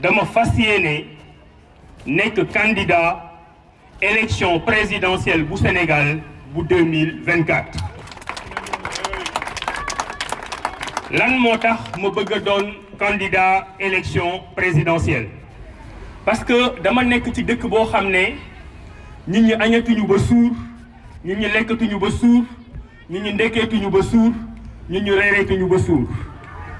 dama fas n'est candidat élection présidentielle bu Sénégal bu 2024 lan motax mo bëgg doon candidat élection présidentielle parce que dama nek ci dëkk bo xamné nit ñi añatuñu ba sour nit ñi lekkatuñu ba sour nit ñi ndekkeetuñu ba sour nit ñi reereetuñu ba sour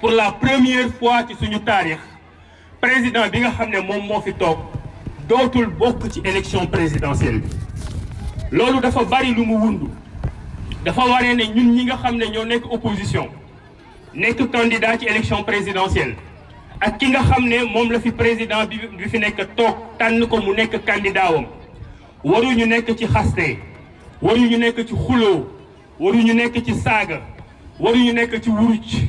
pour la première fois ci suñu taarix président bi nga xamné mom mo fi tok dotul bokk ci élection présidentielle lolu dafa bari lu mu wund dafa waré né ñun ñi nga xamné ño nek opposition nekk candidat ci élection présidentielle ak ki nga xamné mom la fi président bi bi fi nek tok tan ko mu nek candidat wam ñu nek ci xaste ñu nek ci waru ñu nek ci waru ñu nek ci wuruj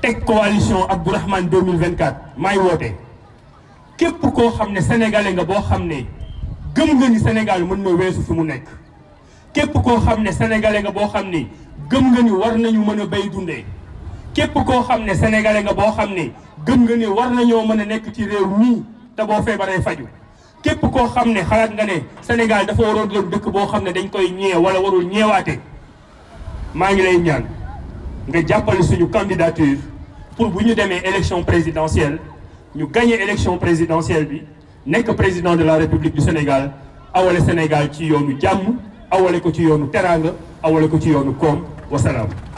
teg coalition Abdourahmane 2024 maay woote képp koo xam ne sénégalais nga boo xam ne gëm nga ni Sénégal mën na weesu fi mu nekk képp koo xam ne sénégalais nga boo xam ne gëm nga ni war nañu mën a béy dundee képp koo xam ne sénégalais nga boo xam ne gëm nga ni war nañoo mën a nekk ci réew mii te boo feebaree faju képp koo xam ne xalaat nga ne Sénégal dafa waroon doon dëkk boo xam ne dañ koy ñee wala warul ñeewaate maa ngi lay ñaan nga jàppale suñu candidature pour bu ñu demee élection présidentielle ñu gagné élection présidentielle bi nekk président de la république du Sénégal awale Sénégal ci yoonu jàmm awale ko ci yoonu teraanga awale ko ci yoonu koom wasalaam.